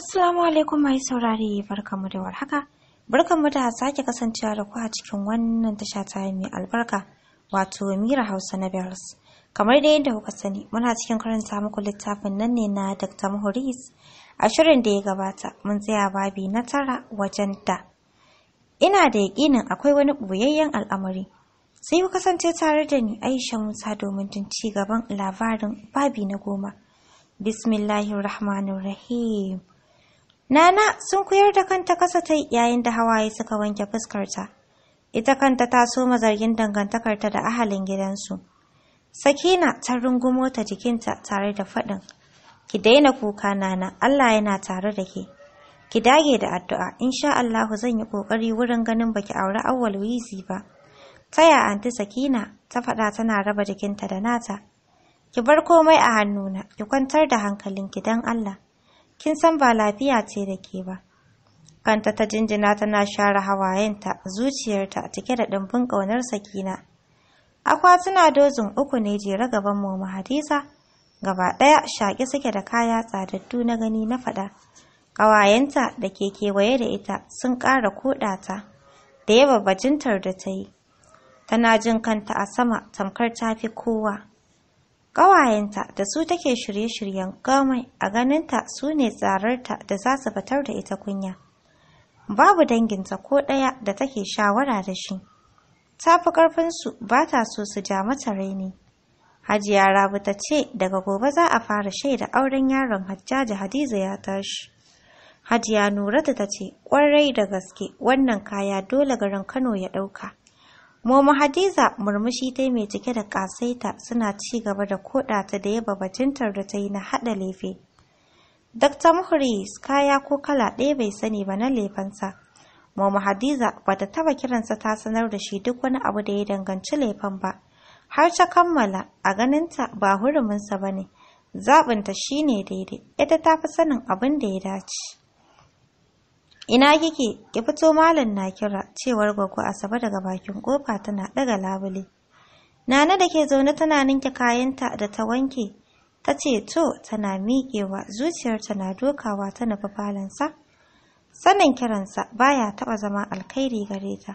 Assalamu alaikum mai saurare barkamu da warhaka. Barkamu da sake kasancewa da ku a cikin wannan tasha ta mai albarka wato Mira Hausa na Bears. Kamar dai yadda kuka sani muna cikin karanta muku littafin nan ne na Dr. Muhuris. A shirin da ya gabata mun tsaya babi na tara wajen da. Ina da yaƙinin akwai wani ɓoyayyen al'amari. Sai ku kasance tare da ni Aisha Musa domin jin ci gaban labarin babi na goma. Bismillahirrahmanirrahim. Nana sun koyar da kanta kasa ta yayin da hawaye suka wanke fuskarta. Ita kanta ta soma zargin dangantakarta da ahalin gidansu. Sakina ta rungumo ta jikinta tare da faɗin. Ki daina kuka nana, Allah yana tare da ke. Ki dage da addu'a, insha Allahu zan yi ƙoƙari wurin ganin baki aure awwal wizi ba. Taya anti Sakina ta faɗa tana raba jikinta da nata. Ki bar komai a hannuna, ki kwantar da hankalinki don Allah. kin san ba lafiya ce da ke ba kanta ta jinjina tana share hawayenta zuciyarta cike da ɗimbin ƙaunar sakina akwatuna dozin uku ne jere gaban mu hadisa gaba ɗaya shaƙi suke da kaya tsadattu na gani na faɗa ƙawayenta da ke kewaye da ita sun ƙara koɗa ta da yaba bajintar da ta yi tana jin kanta a sama tamkar ta fi kowa Ƙawayenta da su take shirye-shiryen gamai a ganinta su ne tsararta da za su fitar da ita kunya. Babu danginta ko ɗaya da take shawara da shi. Ta fi ƙarfinsu ba ta so su ja mata raini. Hajiya Rabu ta ce daga gobe za a fara shaida auren yaron Hajjaji Hadiza ya tashi. Hajiya Nuratu ta ce ƙwarai da gaske wannan kaya dole garin Kano ya ɗauka. Momo Hadiza murmushi ta mai cike da kasaita suna ci gaba da koda ta da yaba batintar da ta yi na hada lefe. Dr. Muhris kaya ko kala ɗaya bai sani ba na lefensa. Momo Hadiza bata ta taba kiransa ta sanar da shi duk wani abu da ya danganci lefen ba. Har ta kammala a ganinta ba huruminsa ba ne, zaɓinta shi ne daidai, ita ta fi sanin abin da ya dace. ina kike ki fito malam na kira cewar gwaggo asabe daga bakin kofa tana daga labule nana da ke zaune tana ninke kayanta da ta wanke ta ce to tana miƙewa zuciyarta na dokawa ta nufi falonsa sanin kiransa baya taɓa zama alkhairi gare ta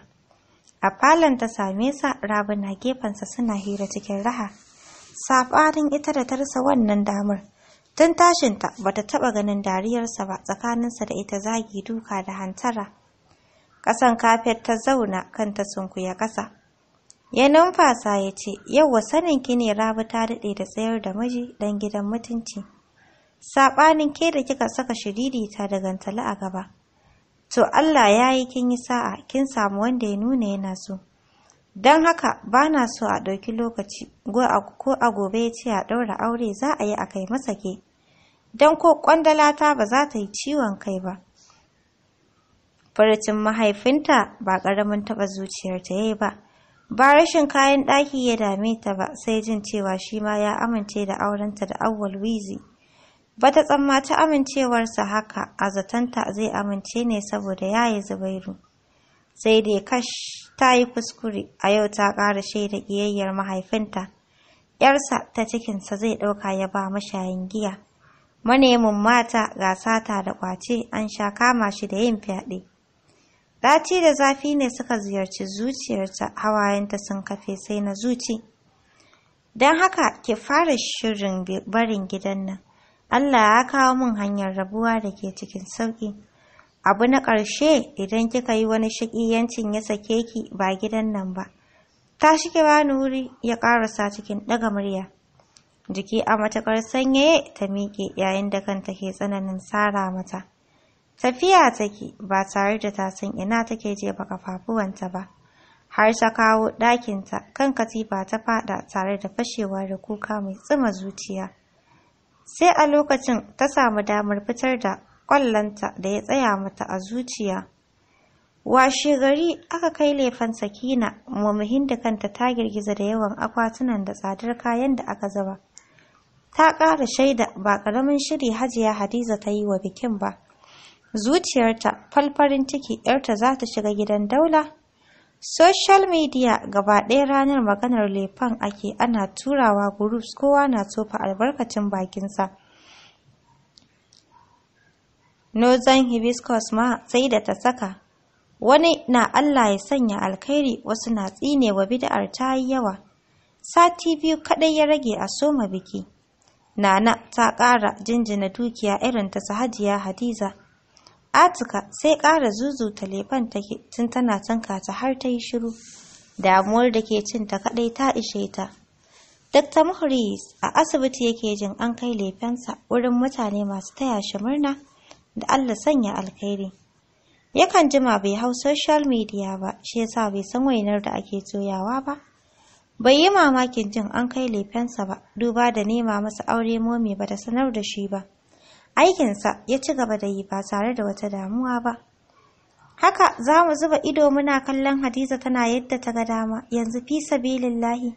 a falon ta same sa rabuna gefensa suna hira cikin raha Safarin ita da tarsa wannan damar Tun tashinta bata taɓa ganin dariyarsa ba tsakaninsa da ita zagi duka da hantara. Ƙasan kafet ta zauna kanta sunkuya ƙasa. Ya numfasa ya ce, Yauwa sanin ki ne rabu ta daɗe da tsayar da maji don gidan mutunci. Saɓanin ke da kika saka shiririta da gantala a gaba. To Allah ya yi kin yi sa'a kin samu wanda ya nuna yana so. Don haka ba na so a ɗauki lokaci ko a gobe ya ce a ɗaura aure za a yi a kai masa ke. don ko ta ba za ta yi ciwon kai ba. Furicin mahaifinta ba ƙaramin taɓa zuciyar ta yi ba, ba rashin kayan ɗaki ya dame ta ba sai jin cewa shi ma ya amince da aurenta da Auwal wizi. Ba ta tsammaci amincewarsa haka a zaton ta zai amince ne saboda ya yi zubairu. Sai dai kash ta yi kuskure a yau ta ƙara shaida ƙiyayyar mahaifinta. ‘Yarsa ta cikinsa zai ɗauka ya ba mashayin giya. manemin mata ga sata da kwace an sha kama shi da yin fyaɗe. Ɗaci da zafi ne suka ziyarci zuciyarta hawayenta sun kafe sai na zuci. Don haka ki fara shirin barin gidan nan. Allah ya kawo min hanyar rabuwa da ke cikin sauƙi. Abu na ƙarshe idan kika yi wani shiƙi yancin ya sake ki ba gidan nan ba. Ta shige bani wuri ya ƙarasa cikin ɗaga murya. jiki a matakar sanyaye ta miƙe yayin da kanta ke tsananin tsara mata tafiya take ba tare da ta san ina take jefa kafafuwanta ba har ta kawo ɗakinta kan katifa ta faɗa tare da fashewa da kuka mai tsima zuciya sai a lokacin ta samu damar fitar da ƙwallonta da ya tsaya mata a zuciya washe gari aka kai laifin sakina mumihin da kanta ta girgiza da yawan akwatunan da tsadar kayan da aka zuba ta ƙara shaida ba ƙaramin shiri hajiya hadiza ta yi wa bikin ba zuciyarta falfarin ciki yarta za ta shiga gidan daula social media gaba ɗaya ranar maganar lefan ake ana turawa groups kowa na tofa albarkacin bakinsa northern hibiscus ma sai da ta saka wani na allah ya sanya alkhairi wasu na tsinewa bid'ar ta yi yawa sati biyu kaɗai ya rage a soma biki Nana ta ƙara jinjina dukiya irin ta Hajiya Hadiza. Atika sai ƙara zuzuta lefen take tun tana tanka ta har ta yi shiru. Damuwar da ke cin ta kaɗai ta ishe ta. Dr. Muhris a asibiti yake jin an kai lefensa wurin mutane masu taya shi murna da Allah sanya alkhairi. Yakan jima bai hau social media ba, shi yasa bai san wainar da ake toyawa ba. Bai yi mamakin jin an kai lefensa ba, duba da nema masa aure momi ba da sanar da shi ba. Aikinsa ya ci gaba da yi ba tare da wata damuwa ba. Haka za mu zuba ido muna kallon Hadiza tana yadda ta ga dama, yanzu fi sabilillahi.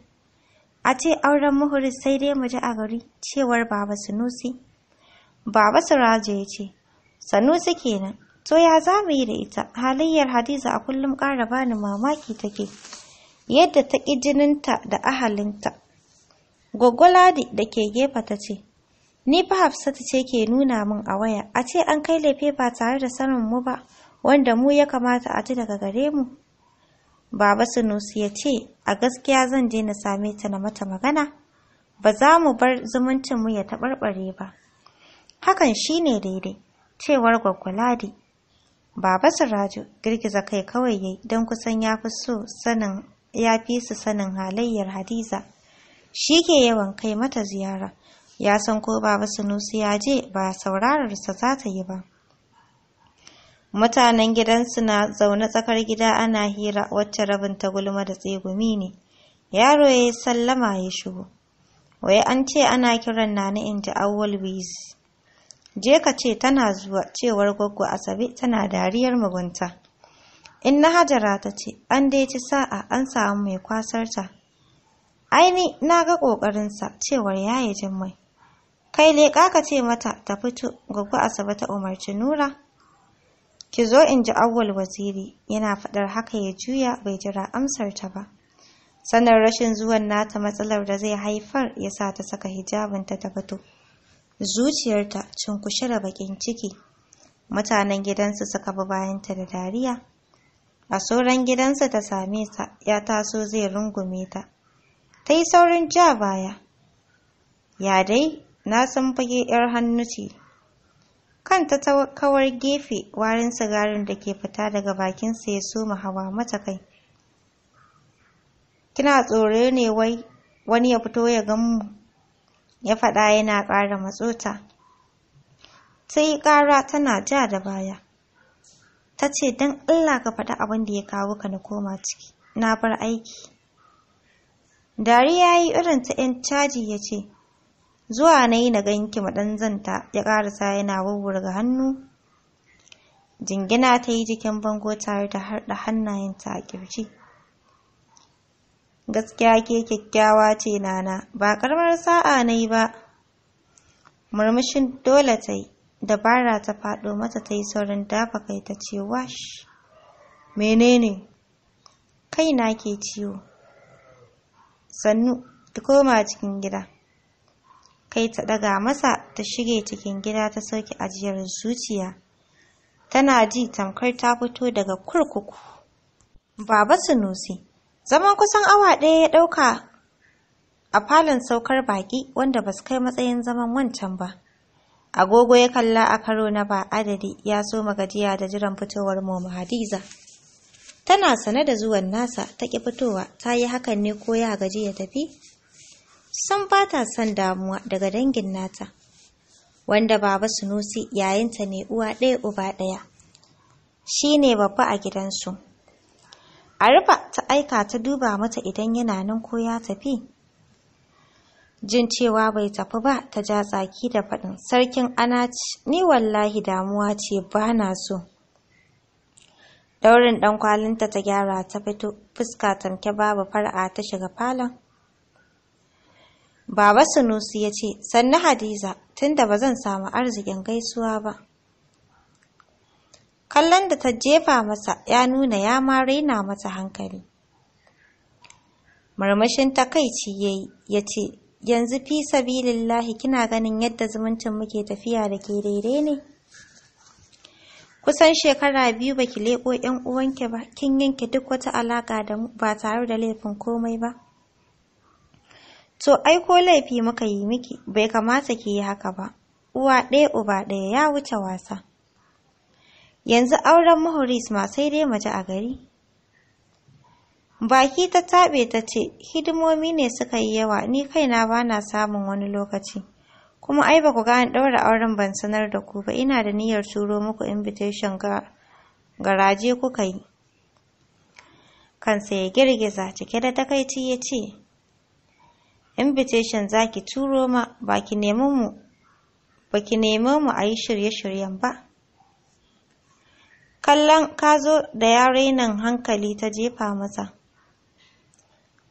A ce auren muhuri sai dai mu ji a gari, cewar Baba Sanusi. Baba Suraje ya ce, Sanusi kenan, to ya za mu yi da ita, halayyar Hadiza a kullum ƙara bani mamaki take. yadda ta ƙi jininta da ahalinta. Ladi da ke gefe ta ce, Ni fa Hafsatu ce ke nuna min a waya, a ce an kai laife ba tare da sanin mu ba, wanda mu ya kamata a ji daga gare mu. Baba Sunusi ya ce, A gaskiya zan je na same ta na mata magana, ba za mu bar zumuncinmu ya taɓarɓare ba. Hakan shi ne daidai, cewar Ladi. Baba Siraju girgiza kai kawai yayi don kusan ya fi so sanin ya fi su sanin halayyar Hadiza. Shi ke yawan kai mata ziyara, ya san ko Baba Sanusi ya je ba saurararsa za ta yi ba. Mutanen gidansu na zaune tsakar gida ana hira wacce rabin ta gulma da tsegumi ne. Yaro ya yi sallama ya shigo. Wai an ce ana kiran Nana inji Awwal Wiz. Je ka ce tana zuwa cewar Goggo Asabe tana dariyar mugunta. in na hajara ta ce an dai ci sa'a an samu mai kwasarta aini na ga ƙoƙarinsa cewar ya jin jimmai kai leƙa ka ce mata ta fito gugu asabe ta umarci nura ki zo in ji awwal waziri yana faɗar haka ya juya bai jira amsar ta ba sanar rashin zuwan nata matsalar da zai haifar ya sa ta saka hijabinta ta fito zuciyarta cunkushe da bakin ciki mutanen gidansu suka bi bayanta da dariya a sauran gidansa ta same ta, ya taso zai rungume ta ta yi saurin ja baya ya dai na san fage yar hannu ce kanta ta kawar gefe warin sigarin da ke fita daga bakinsa ya soma hawa mata kai kina tsoro ne wai wani ya fito ya ganmu? ya faɗa yana ƙara matsota ta yi ƙara tana ja da baya ta ce don Allah ka faɗi abin da ya kawo ka na koma ciki na bar aiki dariya yi irin ta 'yan caji ya ce zuwa na yi na ganki maɗan zanta ya ƙarasa yana wawwurga hannu jingina ta yi jikin bango tare da harɗa hannayenta a ƙirji gaskiya ke kyakkyawa ce nana ba ƙaramar sa'a na yi ba murmushin dole ta yi dabara ta faɗo mata ta saurin dafa kai ta ce wash menene na ke ciwo sannu ta koma cikin gida kai ta daga masa ta shige cikin gida ta sauke ajiyar zuciya tana ji tamkar ta fito daga kurkuku baba sunusi zaman kusan awa ɗaya ya ɗauka a falon saukar baƙi wanda ba su kai matsayin zaman wancan ba agogo ya kalla a karo na ba adadi ya so magajiya da jiran fitowar momo hadiza tana sane da zuwan nasa ta ki fitowa ta yi hakan ne ko ya gaji ya tafi Sun fata son damuwa daga dangin nata wanda baba sunusi yayinta ne uwa ɗaya uba ɗaya shi ne babba a gidansu a rufa ta aika ta duba mata idan yana nan ko ya tafi Jin cewa bai tafi ba ta ja tsaki da faɗin sarkin anaci ni wallahi damuwa ce ba na so. Daurin ɗan kwalinta ta gyara ta fito fuska tamke babu fara'a ta shiga falon. Baba Sunusi ya ce, Sannu Hadiza, tunda ba zan samu arzikin gaisuwa ba. Kallon da ta jefa masa ya nuna ya ma raina mata hankali. Marmashin takaici ya ce, yanzu fi sabilillahi kina ganin yadda zumuncin muke tafiya da ke daidai ne kusan shekara biyu baki leko yan uwanki ba kin yanke duk wata alaka da ba tare da laifin komai ba to ai ko laifi muka yi miki bai kamata ki yi haka ba uwa ɗaya uba ɗaya ya wuce wasa yanzu auren muhuris ma sai dai mace a gari Baki ta taɓe ta ce, hidimomi ne suka yi yawa, ni kaina ba na samun wani lokaci. Kuma ai ba ku ga ɗaura auren ban sanar da ku ba, ina da niyyar turo muku invitation ga garaje kuka yi. Kansa ya girgiza cike da takaici ya ce, invitation za ki turo ma ba ki nemi mu a yi shirye-shiryen ba. Kallon ka zo da yare nan hankali ta jefa masa.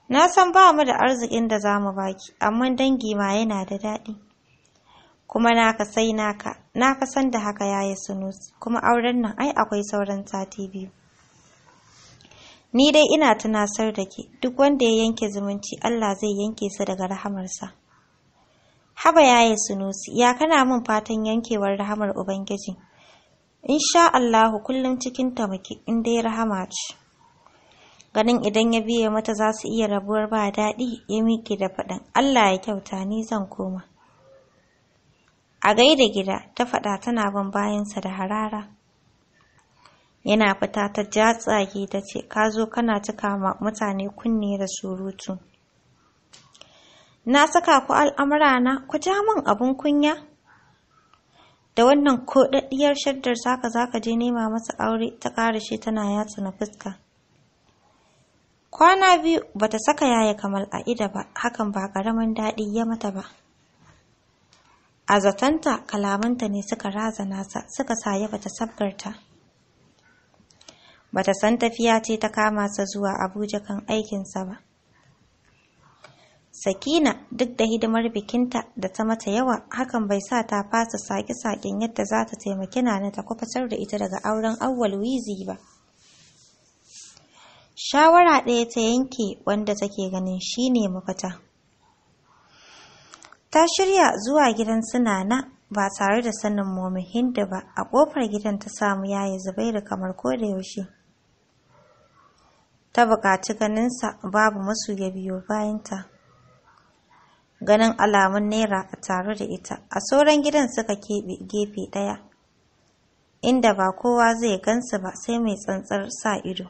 Na san ba mu da arzikin da za mu baki, amma dangi ma yana da daɗi. Kuma naka sai naka, naka san da haka yaya sunusi, kuma auren nan ai akwai sauran sati biyu. Ni dai ina tunasar da ke, duk wanda ya yanke zumunci Allah zai yanke su daga rahamarsa. Haba yaya sunusi, ya kana min fatan yankewar rahamar Ubangiji. Insha Allahu kullum cikin tamaki in dai rahama ce. ganin idan ya biye mata za su iya rabuwar ba daɗi ya miƙe da faɗin Allah ya kyauta ni zan koma a gaida gida ta faɗa tana bin bayansa da harara yana fita ta jatsage ta ce ka zo kana cika mutane kunne da surutu na saka ku al'amura na ku ja min abin kunya da wannan koɗaɗɗiyar shaddar zaka zaka je nema masa aure ta ƙarashe tana yatsa na fuska Kwana biyu bata saka yaya Kamal a ido ba, hakan ba ƙaramin daɗi ya mata ba. A zaton zatanta kalamanta ne suka raza nasa, suka sa ya bata sabgarta. Bata san tafiya ce ta kama sa zuwa Abuja kan aikinsa ba. Sakina duk da hidimar bikinta da ta mata yawa hakan bai sa ta fasa sake-saken yadda za ta taimaki Nana ta kwafatar da ita daga auren Auwal Wizi ba. shawara ɗaya ta yanke wanda take ganin shi ne mafita ta shirya zuwa gidan sunana ba tare da sanin momihin da ba a ƙofar gidan ta samu yaye zubairu kamar ko yaushe ta buƙaci ganinsa babu masu ya biyo bayanta ganin alamun naira a tare da ita a sauran gidan suka keɓe gefe ɗaya inda ba kowa zai gansu ba sai mai tsantsar sa ido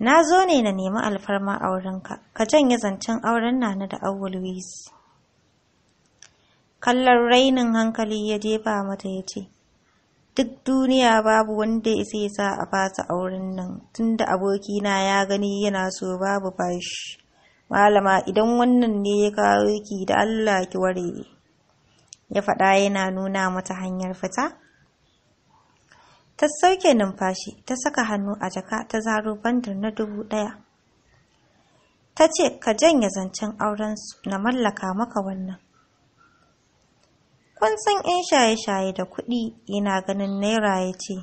Na zo ne na nemi alfarma a wurinka, ka janye zancen auren Nana da Awul Wisi. Kallon rainin hankali ya jefa mata ya ce, Duk duniya babu wanda ya sa a fasa auren nan, tunda abokina ya gani yana so babu bashi. Malama idan wannan ne ya kawo ki da Allah ki ware. Ya faɗa yana nuna mata hanyar fita, ta sauke numfashi ta saka hannu a jaka ta zaro bandar na dubu ɗaya ta ce ka janye zancen auren su, na mallaka maka wannan kun san in shaye-shaye da kuɗi yana ganin naira ya ce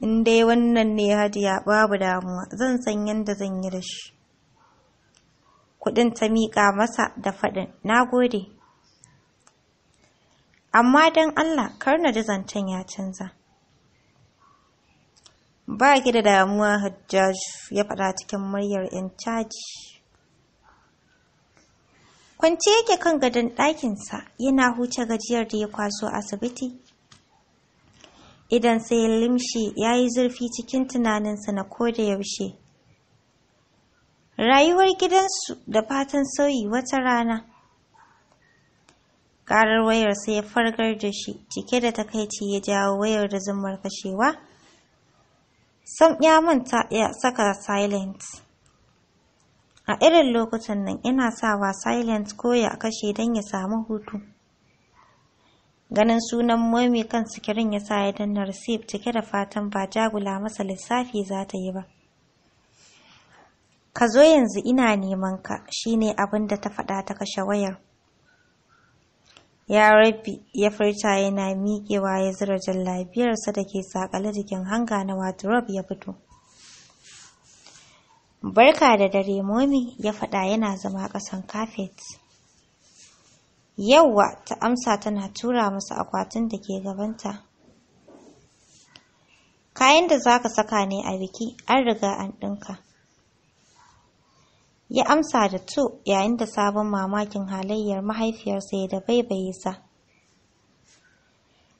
in dai wannan ne hadiya babu damuwa zan san yadda zan yi da shi kuɗin ta miƙa masa da faɗin na gode amma don allah kar na ji zancen ya canza ba ki da damuwa hajjaj ya faɗa cikin muryar yan caji kwance yake kan gadon ɗakinsa yana huce gajiyar da ya kwaso asibiti idan sai limshi ya yi zurfi cikin tunaninsa na koda yaushe rayuwar gidansu da fatan sauyi wata rana karar wayar sai ya fargar da shi cike da takaici ya jawo wayar da zumar kashewa sam ya manta ya saka silent a irin lokutan nan ina sawa silent ko ya kashe don ya samu hutu ganin sunan momi kan sikirin ya sa ya danna receipt cike da fatan ba jagula masa lissafi za ta yi ba ka zo yanzu ina neman ka shine abin da ta faɗa ta kashe wayar Ya rabbi ya furta yana miƙewa ya zira jallabiyarsa da ke sakale jikin hanga na wardrobe ya fito. Barka da dare momi ya faɗa yana zama ƙasan kafet. Yawwa ta amsa tana tura masa akwatin da ke gabanta. Kayan da za ka saka ne a biki an riga an ɗinka. ya amsa da to yayin da sabon mamakin halayyar mahaifiyarsa ya dabaibaye sa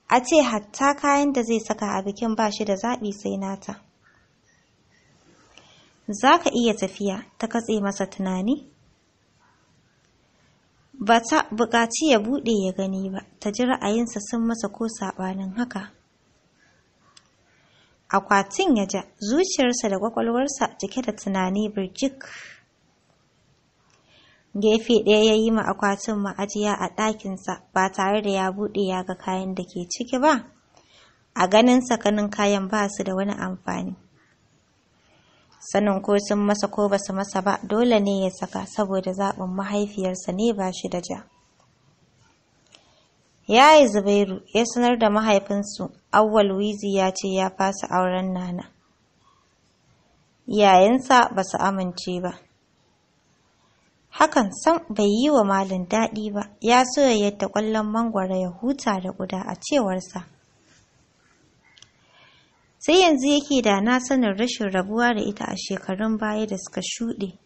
a ce hatta kayan da zai saka a bikin ba shi da zaɓi sai nata za ka iya tafiya ta katse masa tunani ba ta buƙaci ya buɗe ya gani ba ta ji ra'ayinsa sun masa ko saɓanin haka akwatin ya ja zuciyarsa da kwakwalwarsa cike da tunani birjik gefe ɗaya ya yi ma akwatin ma'ajiya a ɗakinsa ba tare da ya buɗe ya ga kayan da ke ciki ba a ganin sakanin kayan ba su da wani amfani sanin ko sun masa ko ba su masa ba dole ne ya saka saboda zaɓin mahaifiyarsa ne ba shi da ja ya yi zubairu ya sanar da mahaifinsu awwal wizi ya ce ya fasa auren nana yayinsa ba su amince ba Hakan sam bai yi wa Malam daɗi ba, ya so ya yadda ƙwallon mangwaro ya huta da guda a cewarsa. Sai yanzu yake da na sanin rashin rabuwa da ita a shekarun baya da suka shuɗe.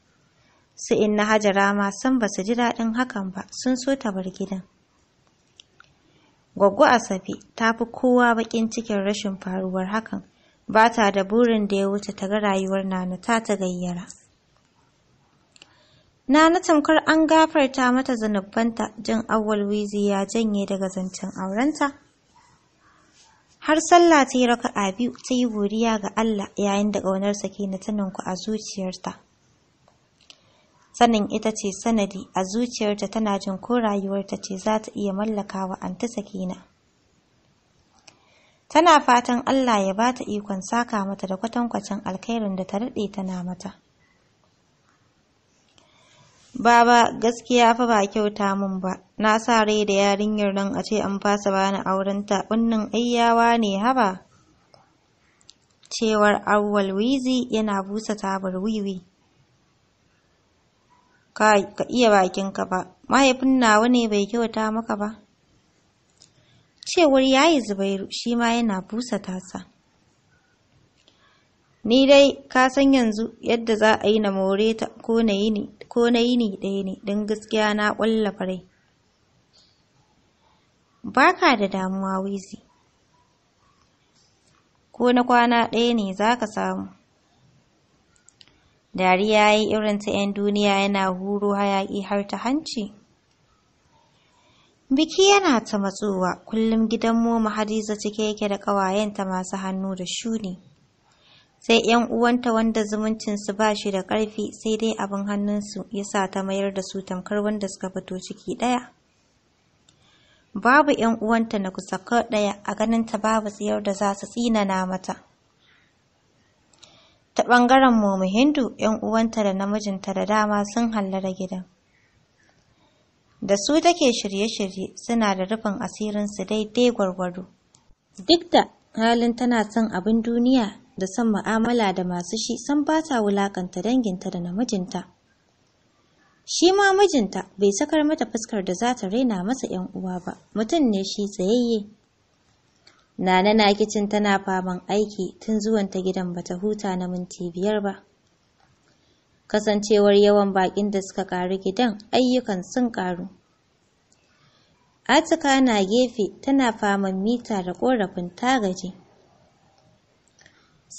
Su inna Hajara ma san ba su ji daɗin hakan ba, sun so ta bar gidan. Gwaggo Asabe ta fi kowa baƙin cikin rashin faruwar hakan, ba ta da burin da ya wuce ta ga rayuwar Nana ta ta gayyara. Na na tamkar an gafarta mata zanubbanta jin awwal wizi ya janye daga zancen aurenta. Har sallah ta yi raka'a biyu ta yi godiya ga Allah yayin da ƙaunar na ta ku a zuciyarta. Sanin ita ce sanadi a zuciyarta tana jin ko rayuwarta ce za ta iya mallakawa anta sakina. Tana fatan Allah ya ba ta ikon saka mata da kwatankwacin alkhairin da ta daɗe tana mata. Baba gaskiya fa ba kyauta mun ba. Na sa rai da yarinyar nan a ce an fasa bani aurenta wannan ayyawa ne haba. Cewar awwal wizi yana busa tabar wiwi. Ka iya bakinka ba, mahaifin nawa ne bai kyauta maka ba. Cewar yayi zubairu shi ma yana busa tasa. Ni dai ka san yanzu yadda za a yi na more ta ko na yi ne. ko na yi ni ɗaya ne don gaskiya na ƙulla farai. Baka da damuwa wizi. Ko na kwana ɗaya ne za ka samu. Dariya ya yi irin ta ‘yan duniya yana huro hayaƙi har ta hanci. Biki yana ta matsowa kullum gidan Moma Hadiza cike yake da ƙawayenta masu hannu da shuni. sai ‘yan uwanta wanda zumuncinsu ba shi da ƙarfi sai dai abin hannunsu ya sa ta mayar da su tamkar wanda suka fito ciki ɗaya. Babu ‘yan uwanta na kusa ɗaya a ganin ta babu tsayar da za su tsinana mata. Ta ɓangaren Momu Hindu, ‘yan uwanta da namijinta da dama sun hallara gidan. Da su take shirye-shirye suna da rufin asirinsu daidai gwargwado. Duk da halin tana son abin duniya da son ma'amala da masu shi san ba ta wulakanta danginta da namijinta. Shi ma mijinta bai sakar mata fuskar da za ta raina masa ‘yan uwa ba, mutum ne shi tsayayye. Nana na kicin tana faman aiki tun zuwan ta gidan bata huta na minti biyar ba. Kasancewar yawan baƙin da suka ƙaru gidan ayyukan sun ƙaru. Atika na gefe tana faman mita da ƙorafin tagaji.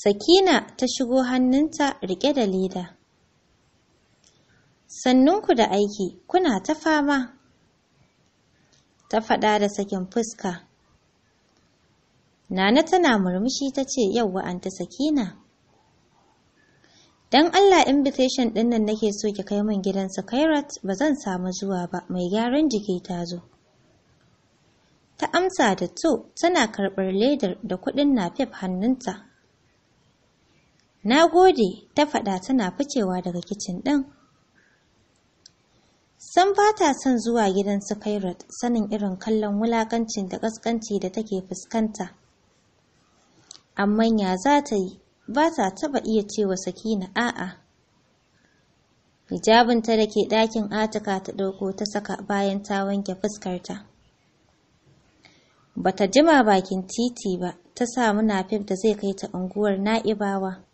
Sakina ta shigo hannunta riƙe da leda. Sannunku da aiki, kuna ta fama, ta faɗa da sakin fuska. Nana tana murmushi ta ce, Yauwa, Anta Sakina. Don Allah invitation ɗin nan nake so ki kai min gidansa Kairat ba zan samu zuwa ba, mai gyaran jiki ta zo. Ta amsa da to tana karɓar ledar da kuɗin nafef hannunta Na gode, ta faɗa tana ficewa daga kicin ɗin. San ba ta son zuwa gidan su Kairat sanin irin kallon wulakancin da ƙasƙanci da take fuskanta. Amma ya za ta yi, ba ta taɓa iya cewa Sakina a'a. Hijabinta da ke ɗakin Atika ta ɗauko ta saka bayan ta wanke fuskarta. ta jima bakin titi ba, ta sa munafif da zai kai ta unguwar na'ibawa.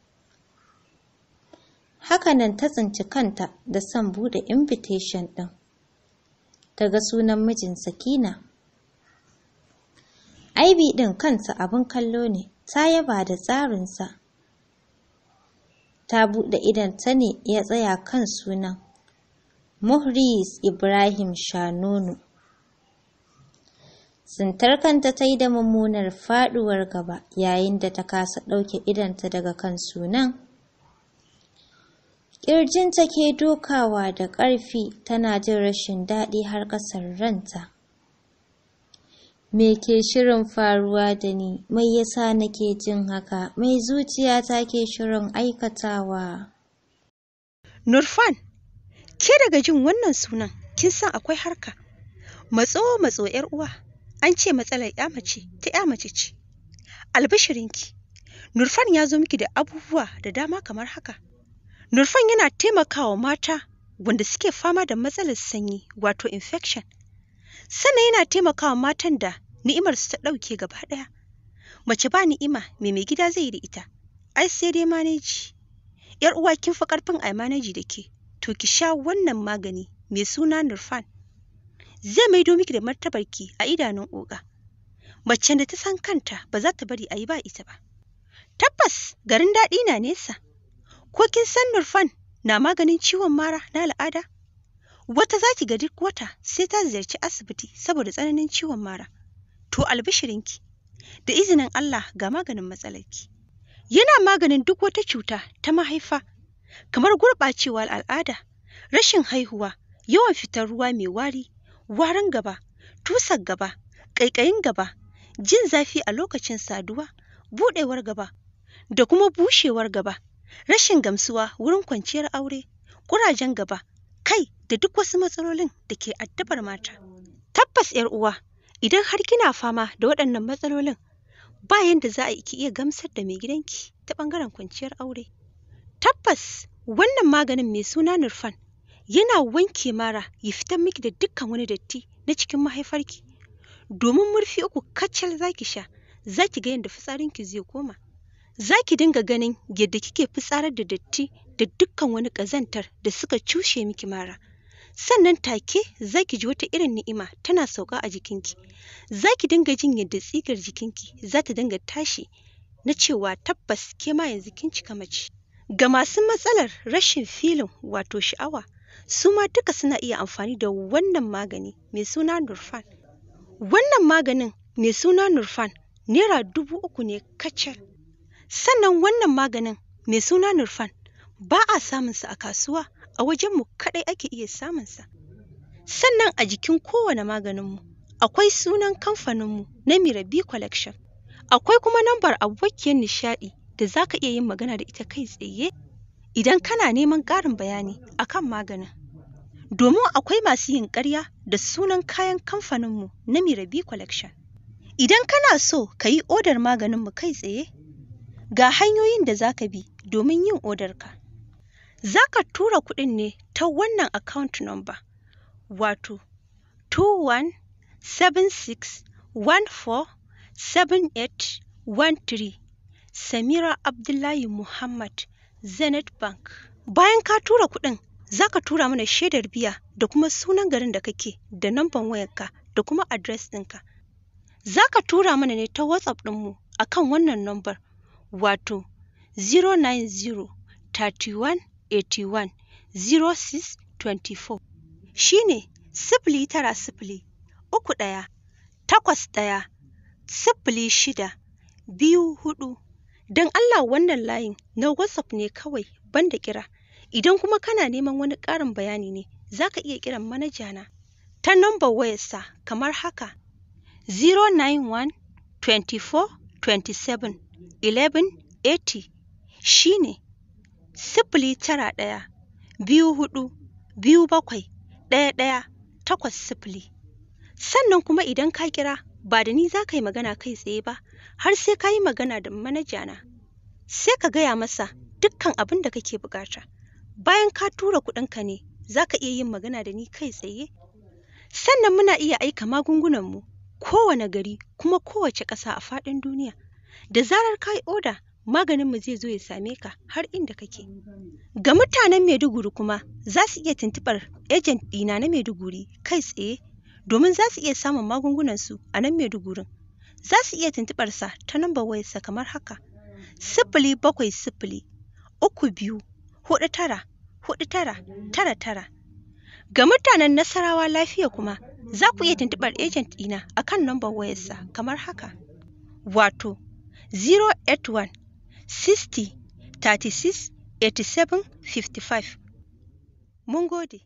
hakanan ta tsinci kanta da son bude invitation ɗin. Ta ga sunan mijin Sakina. Aibi ɗin kansa abin kallo ne, ta yaba da tsarinsa. Ta buɗe ta ne ya tsaya kan sunan. Muhris Ibrahim Shanono. Sintar kanta ta yi da mummunar faɗuwar gaba yayin da ta kasa ɗauke idanta daga kan sunan. Ƙirjinta ke dokawa da ƙarfi tana jin rashin daɗi har ƙasar ranta. Me ke shirin faruwa da ni, mai yasa nake jin haka, mai zuciya ta ke shirin aikatawa. Nurfan, ke daga jin wannan sunan, kin san akwai harka. Matso matso ‘yar uwa, an ce matsalar ‘ya mace ta ‘ya mace ce. Albishirinki, Nurfan ya zo miki da abubuwa da dama kamar haka. Nurfan yana taimakawa mata wanda suke fama da matsalar sanyi wato infection. Sannan yana taimakawa matan da ni'imar su ta ɗauke gaba ɗaya. Mace ba ni'ima me mai gida zai yi da ita? Ai sai dai maneji. Yar uwa kin fi ƙarfin ai maneji da ke. To ki sha wannan magani mai suna Nurfan. Zai maido miki da martabarki a idanun oga. Macen da ta san kanta ba za ta bari a yi ba ita ba. Tabbas garin daɗi na nesa. Ko kin san Nurfan na maganin ciwon mara na al'ada? Wata za ki ga duk wata sai ta ziyarci asibiti saboda tsananin ciwon mara. To albishirinki, da izinin Allah ga maganin matsalarki. Yana maganin duk wata cuta ta mahaifa, kamar gurɓacewar al'ada, rashin haihuwa, yawan fitar ruwa mai wari, warin gaba, tusar gaba, ƙaiƙayin gaba, jin zafi a lokacin saduwa, buɗewar gaba, da kuma bushewar gaba. rashin gamsuwa wurin kwanciyar aure, ƙurajen gaba, kai da duk wasu matsalolin da ke addabar mata. Tabbas ‘yar uwa, idan har kina fama da waɗannan matsalolin, ba yanda za a ki iya gamsar da mai gidanki ta ɓangaren kwanciyar aure. Tabbas wannan maganin mai suna Nurfan yana wanke mara ya fitar miki da dukkan wani datti na cikin mahaifarki. Domin murfi uku kacal za ki sha, za ki ga yadda fitsarinki zai koma. za ki dinga ganin yadda kike fitsarar da datti da dukkan wani ƙazantar da suka cushe miki mara. Sannan take za ki ji wata irin ni'ima tana sauka a jikinki, za ki dinga jin yadda tsigar jikinki za ta dinga tashi na cewa tabbas ke ma yanzu kin cika mace. Ga masu matsalar rashin filin wato sha'awa, su ma duka suna iya amfani da wannan magani mai suna Nurfan. Wannan maganin mai suna Nurfan Naira dubu uku ne kacal. Sannan wannan maganin mai suna Nurfan ba a samunsa a kasuwa a wajenmu kaɗai ake iya samunsa. Sannan a jikin kowane maganinmu akwai sunan kamfaninmu na Mirabi Collection. Akwai kuma nambar abokiyar nishaɗi da za ka iya yin magana da ita kai tsaye idan kana neman ƙarin bayani akan maganin. Domin akwai masu yin ƙarya da sunan kayan kamfaninmu na Mirabi Collection. Idan kana so ka yi odar maganinmu kai tsaye, Ga hanyoyin da za ka bi domin yin odarka. Za ka tura kuɗin ne ta wannan account number wato 2176147813 Samira Abdullahi Muhammad Zenith Bank. Bayan ka tura kuɗin za ka tura mana shaidar biya da kuma sunan garin da kake da namban wayarka da kuma adres ɗinka. Za ka tura mana ne ta WhatsApp ɗinmu mu kan wannan nambar wato 090 31 81 shi ne sifili tara sifili uku ɗaya takwas ɗaya sifili shida biyu hudu don Allah wannan layin na WhatsApp ne kawai banda kira idan kuma kana neman wani ƙarin bayani ne za ka iya kiran manaja na ta nambar wayarsa kamar haka 091 24 27 1180 shi ne sifili tara ɗaya biyu hudu biyu bakwai ɗaya ɗaya takwas sifili sannan kuma idan ka kira ba da ni za ka yi magana kai tsaye ba har sai ka yi magana da manaja na sai ka gaya masa dukkan abin da kake bukata bayan ka tura kuɗinka ne za ka iya yin magana da ni kai tsaye sannan muna iya aika magungunanmu kowane gari kuma kowace ƙasa a faɗin duniya da zarar ka yi oda mu zai zo ya same ka har inda kake. Ga mutanen Maiduguri kuma za su iya tuntuɓar ejent dina na Maiduguri kai tsaye domin za su iya samun magungunansu a nan Maidugurin. Za su iya tuntuɓar sa ta nambar wayarsa kamar haka. Sifili bakwai sifili uku biyu huɗu tara hudu tara tara tara. Ga mutanen Nasarawa lafiya kuma za ku iya tuntuɓar ejent ɗina akan nambar wayarsa kamar haka. Wato 081 60 36 87 55. Mun gode.